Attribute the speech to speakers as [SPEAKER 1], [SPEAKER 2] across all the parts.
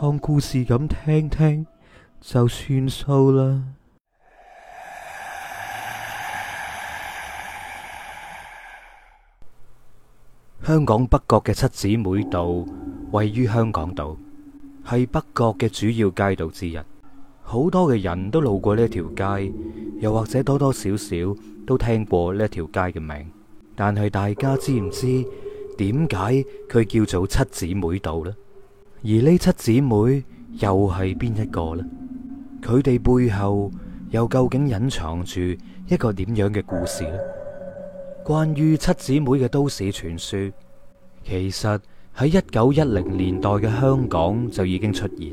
[SPEAKER 1] 當故事咁聽聽就算數啦。香港北角嘅七姊妹道位於香港島，係北角嘅主要街道之一。好多嘅人都路過呢條街，又或者多多少少都聽過呢條街嘅名。但係大家知唔知點解佢叫做七姊妹道呢？而呢七姊妹又係邊一個呢？佢哋背後又究竟隱藏住一個點樣嘅故事呢？關於七姊妹嘅都市傳說，其實喺一九一零年代嘅香港就已經出現。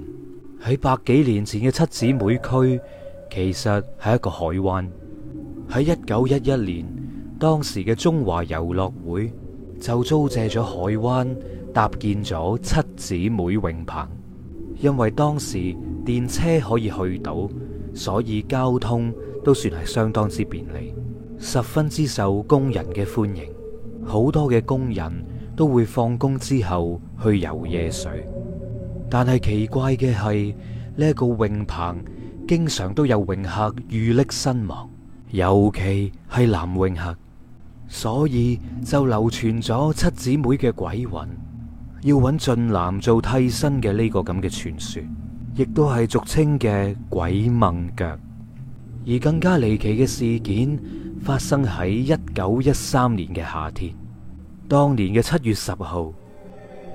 [SPEAKER 1] 喺百幾年前嘅七姊妹區，其實係一個海灣。喺一九一一年，當時嘅中華遊樂會。就租借咗海灣，搭建咗七姊妹泳棚。因為當時電車可以去到，所以交通都算係相當之便利，十分之受工人嘅歡迎。好多嘅工人都會放工之後去游夜水。但係奇怪嘅係，呢個泳棚經常都有泳客遇溺身亡，尤其係男泳客。所以就流傳咗七姊妹嘅鬼魂要揾俊男做替身嘅呢個咁嘅傳說，亦都係俗稱嘅鬼掹腳。而更加離奇嘅事件發生喺一九一三年嘅夏天。當年嘅七月十號，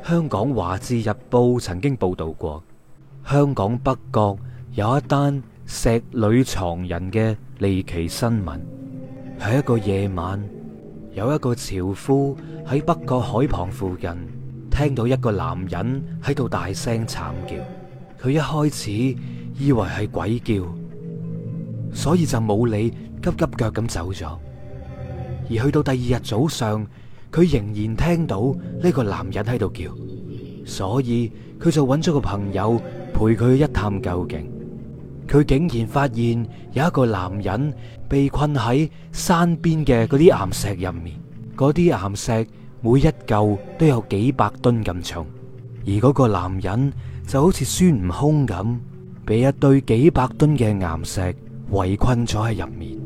[SPEAKER 1] 香港華字日報曾經報道過香港北角有一單石女藏人嘅離奇新聞，喺一個夜晚。有一個樵夫喺北角海旁附近，聽到一個男人喺度大聲慘叫。佢一開始以為係鬼叫，所以就冇理，急急腳咁走咗。而去到第二日早上，佢仍然聽到呢個男人喺度叫，所以佢就揾咗個朋友陪佢一探究竟。佢竟然發現有一個男人被困喺山邊嘅嗰啲岩石入面，嗰啲岩石每一舊都有幾百噸咁重，而嗰個男人就好似孫悟空咁，被一堆幾百噸嘅岩石圍困咗喺入面。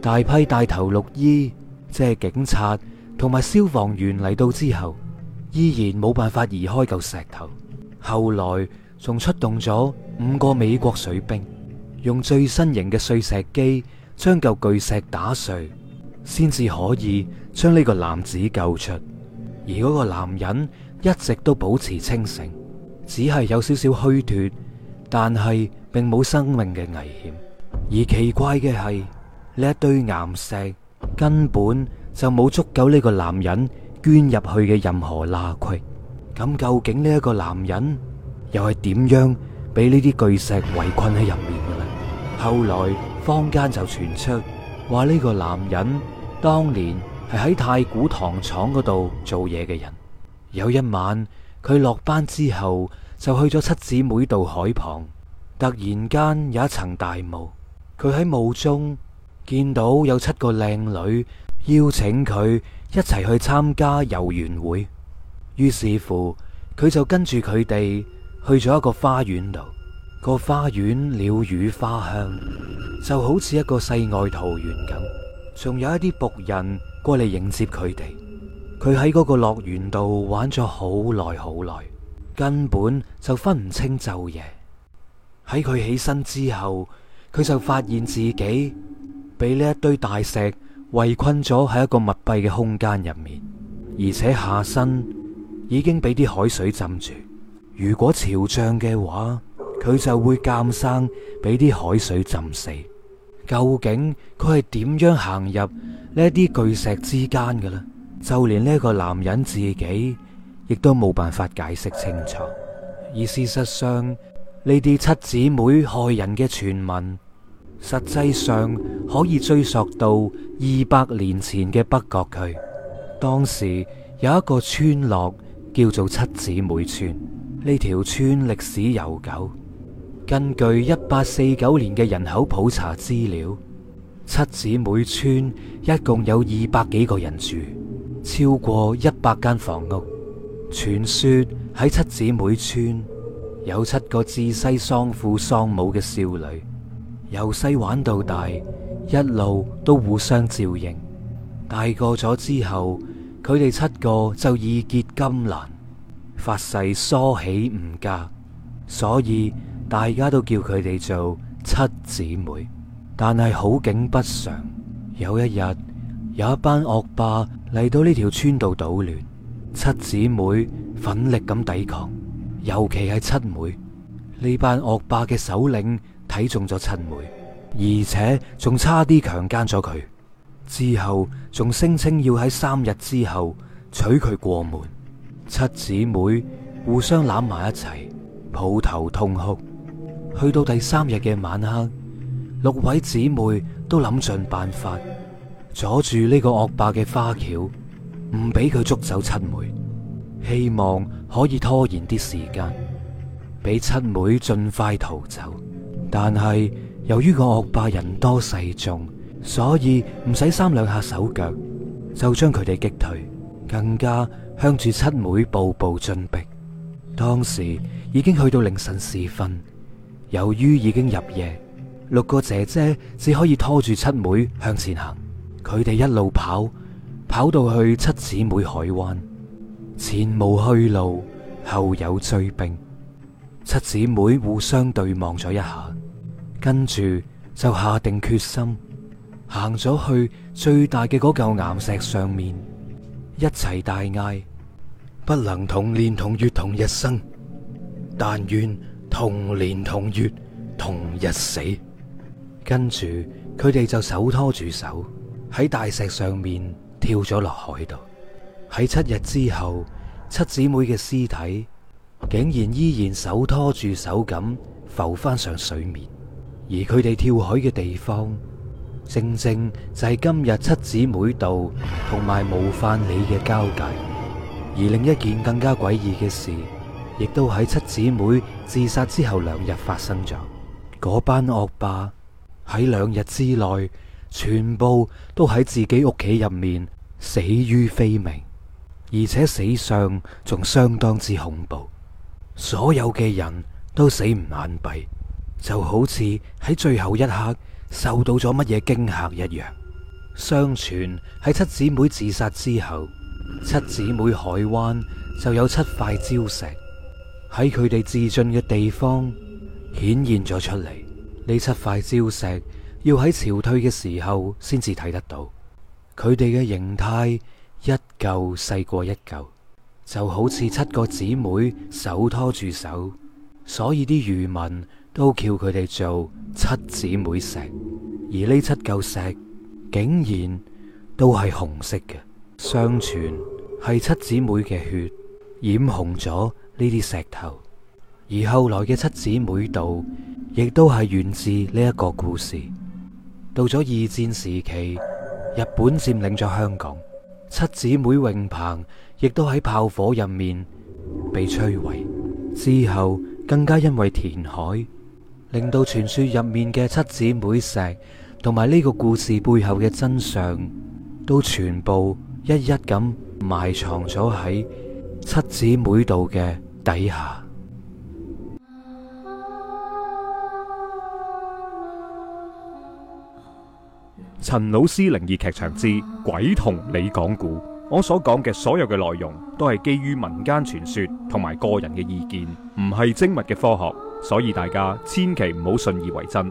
[SPEAKER 1] 大批大頭綠衣，即係警察同埋消防員嚟到之後，依然冇辦法移開嚿石頭。後來。仲出動咗五個美國水兵，用最新型嘅碎石機將嚿巨石打碎，先至可以將呢個男子救出。而嗰個男人一直都保持清醒，只係有少少虛脫，但係並冇生命嘅危險。而奇怪嘅係呢一堆岩石根本就冇足夠呢個男人捐入去嘅任何罅隙。咁究竟呢一個男人？又係點樣俾呢啲巨石圍困喺入面嘅咧？後來坊間就傳出話呢個男人當年係喺太古糖廠嗰度做嘢嘅人。有一晚，佢落班之後就去咗七姊妹道海旁。突然間有一層大霧，佢喺霧中見到有七個靚女邀請佢一齊去參加遊園會。於是乎，佢就跟住佢哋。去咗一個花園度，個花園鳥語花香，就好似一個世外桃源咁。仲有一啲僕人過嚟迎接佢哋。佢喺嗰個樂園度玩咗好耐好耐，根本就分唔清晝夜。喺佢起身之後，佢就發現自己被呢一堆大石圍困咗喺一個密閉嘅空間入面，而且下身已經俾啲海水浸住。如果潮漲嘅話，佢就會鑒生俾啲海水浸死。究竟佢係點樣行入呢啲巨石之間嘅咧？就連呢個男人自己亦都冇辦法解釋清楚。而事實上，呢啲七姊妹害人嘅傳聞，實際上可以追溯到二百年前嘅北角區，當時有一個村落叫做七姊妹村。呢條村歷史悠久，根據一八四九年嘅人口普查資料，七姊妹村一共有二百幾個人住，超過一百間房屋。傳說喺七姊妹村有七個自細喪父喪母嘅少女，由細玩到大，一路都互相照應。大個咗之後，佢哋七個就義結金蘭。發誓梳起唔嫁，所以大家都叫佢哋做七姊妹。但係好景不常，有一日有一班惡霸嚟到呢條村度搗亂，七姊妹奮力咁抵抗，尤其係七妹。呢班惡霸嘅首領睇中咗七妹，而且仲差啲強姦咗佢，之後仲聲稱要喺三日之後娶佢過門。七姊妹互相攬埋一齊，抱頭痛哭。去到第三日嘅晚黑，六位姊妹都諗盡辦法，阻住呢個惡霸嘅花轎，唔俾佢捉走七妹，希望可以拖延啲時間，俾七妹盡快逃走。但係由於個惡霸人多勢眾，所以唔使三兩下手腳，就將佢哋擊退。更加向住七妹步步進逼。當時已經去到凌晨時分，由於已經入夜，六個姐姐只可以拖住七妹向前行。佢哋一路跑，跑到去七姊妹海灣，前無去路，後有追兵。七姊妹互相對望咗一下，跟住就下定決心，行咗去最大嘅嗰嚿岩石上面。一齊大嗌：不能同年同月同日生，但願同年同月同日死。跟住佢哋就手拖住手喺大石上面跳咗落海度。喺七日之後，七姊妹嘅屍體竟然依然手拖住手咁浮翻上水面，而佢哋跳海嘅地方。正正就係今日七姊妹道同埋模範里嘅交界，而另一件更加詭異嘅事，亦都喺七姊妹自殺之後兩日發生咗。嗰班惡霸喺兩日之內，全部都喺自己屋企入面死於非命，而且死相仲相當之恐怖。所有嘅人都死唔眼閉，就好似喺最後一刻。受到咗乜嘢驚嚇一樣。相傳喺七姊妹自殺之後，七姊妹海灣就有七塊礁石喺佢哋自盡嘅地方顯現咗出嚟。呢七塊礁石要喺潮退嘅時候先至睇得到。佢哋嘅形態一舊細過一舊，就好似七個姊妹手拖住手，所以啲漁民都叫佢哋做七姊妹石。而呢七嚿石竟然都係紅色嘅，相傳係七姊妹嘅血染紅咗呢啲石頭，而後來嘅七姊妹道亦都係源自呢一個故事。到咗二戰時期，日本佔領咗香港，七姊妹泳棚亦都喺炮火入面被摧毀，之後更加因為填海，令到傳說入面嘅七姊妹石。同埋呢個故事背後嘅真相，都全部一一咁埋藏咗喺七姊妹度嘅底下。陳老師靈異劇場之鬼同你講古，我所講嘅所有嘅內容都係基於民間傳說同埋個人嘅意見，唔係精密嘅科學，所以大家千祈唔好信以為真。